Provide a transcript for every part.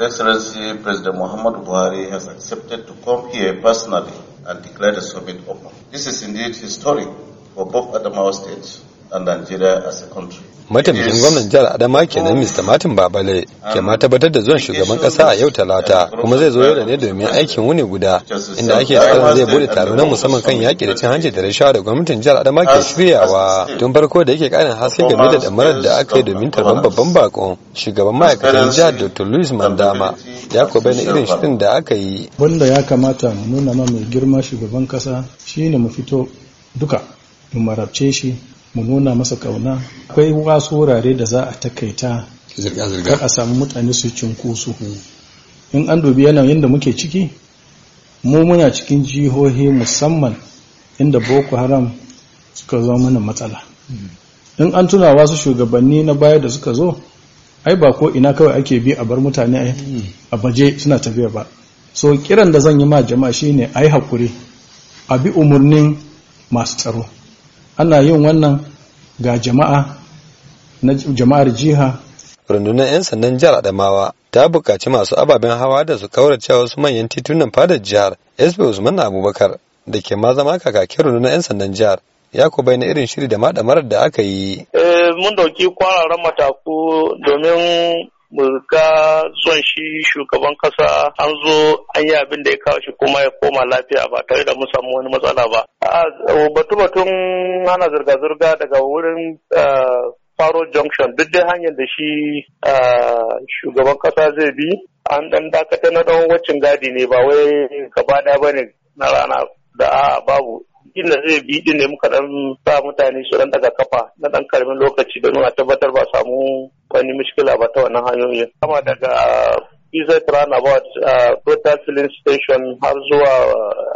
His Excellency President Muhammad Buhari has accepted to come here personally and declare the summit open. This is indeed historic for both Adamawa states mataimakin gwamnan jihar adama kenan oh. mr martin babale ke um, ma tabbatar da zuwan shugaban kasa a yau uh, talata kuma zai zo yau ne domin uh, aikin wuni guda inda ake tsarin zai uh, bude taro na musamman kan yaƙi da cin hanci da rashawa da gwamnatin jihar adama ke shiryawa tun farko da yake karin haske game da damarar da aka yi domin tarban babban bakon shugaban ma'aikatan jihar dr louis mandama ya ko na irin shirin da aka yi wanda ya kamata mu nuna ma mai girma shugaban kasa shine mu fito duka mu marabce shi mu nuna masa kauna akwai wasu wurare da za a takaita kar a samu mutane su kusu in an dubi yanayin da muke ciki mu muna cikin jihohi musamman inda boko haram suka zo mana matsala in an tuna wasu shugabanni na baya da suka zo ai ba ko ina kawai ake bi a bar mutane a baje suna tafiya ba so kiran da zan yi ma jama'a shine ai hakuri a bi umarnin masu tsaro ana yin wannan ga jama'a na jama'ar jiha rundunar 'yan sandan jihar adamawa ta buƙaci masu ababen hawa da su kaurace wasu manyan titunan fadar jihar sb usman abubakar da ke ma zama kakakin rundunar 'yan sandan jihar ya ku na irin shiri da maɗamarar da aka yi eh, mun dauki kwararan mataku domin mu ga son shi shugaban kasa an zo an yi abin da ya kawo shi kuma ya koma lafiya ba tare da mun samu wani matsala ba. Uh, batu batun hana zirga-zirga daga wurin uh, faro junction duk dai hanyar da shi uh, shugaban kasa zai bi an dan dakata na dan wacin gadi ne ba wai gaba da ne na rana da a babu inda zai bi din ne muka dan sa mutane su dan daga kafa na dan karamin lokaci don a tabbatar ba samu wani mishkila ba ta wannan hanyoyin kama daga Isa uh, Runabout a uh, Total Filling Station har zuwa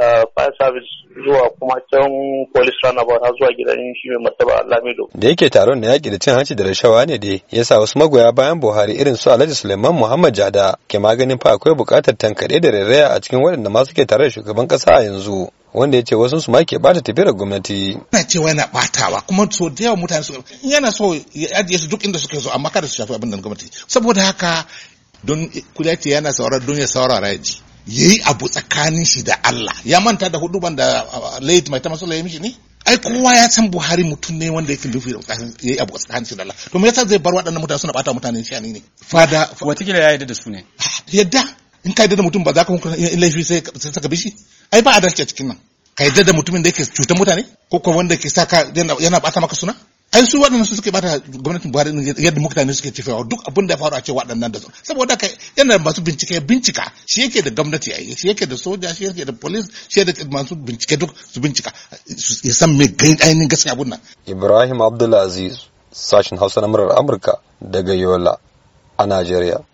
uh, Fire Service zuwa kuma can Police Runabout har zuwa gidan shi mai martaba Lamido. Da yake taron na yaƙi da cin hanci da rashawa ne dai ya sa wasu magoya bayan Buhari irin su Alhaji Suleiman Muhammad Jada ke maganin fa akwai buƙatar tankaɗe da rairaya a cikin waɗanda ma suke tare da shugaban ƙasa a yanzu. wanda ya ce wasu su ma ke bata tafiyar gwamnati. Yana cewa yana batawa kuma so da yawan mutane su yana so ya ajiye su duk inda suke so amma kada su shafi abin da gwamnati saboda haka don kudaci yana saurar don ya saurara ya ji. ya yi abu tsakanin shi da Allah ya manta da hudu da ah, late mai ta masala ya mishi ne ai kowa ya san Buhari mutum ne wanda yake nufi ya yi abu tsakanin shi da Allah to me yasa zai bar waɗannan mutane suna bata mutane shi ne fada kila ya yadda da su ne ah, yadda in ka yi da mutum ba za ka hukunta in laifi sai ka bishi. ai ba adalci a cikin nan ka yadda da mutumin da yake cutar mutane ko kuma wanda ke saka yana bata maka suna ai su waɗannan su suke bata gwamnatin Buhari yadda mutane suke tafiya duk abin da ya faru a ce waɗannan da saboda kai yana masu bincike bincika shi yake da gwamnati ai shi yake da soja shi yake da police shi yake da masu bincike duk su bincika ya san me ainihin gaskiya abun nan Ibrahim Abdulaziz sashin Hausa na murar Amurka daga Yola a Najeriya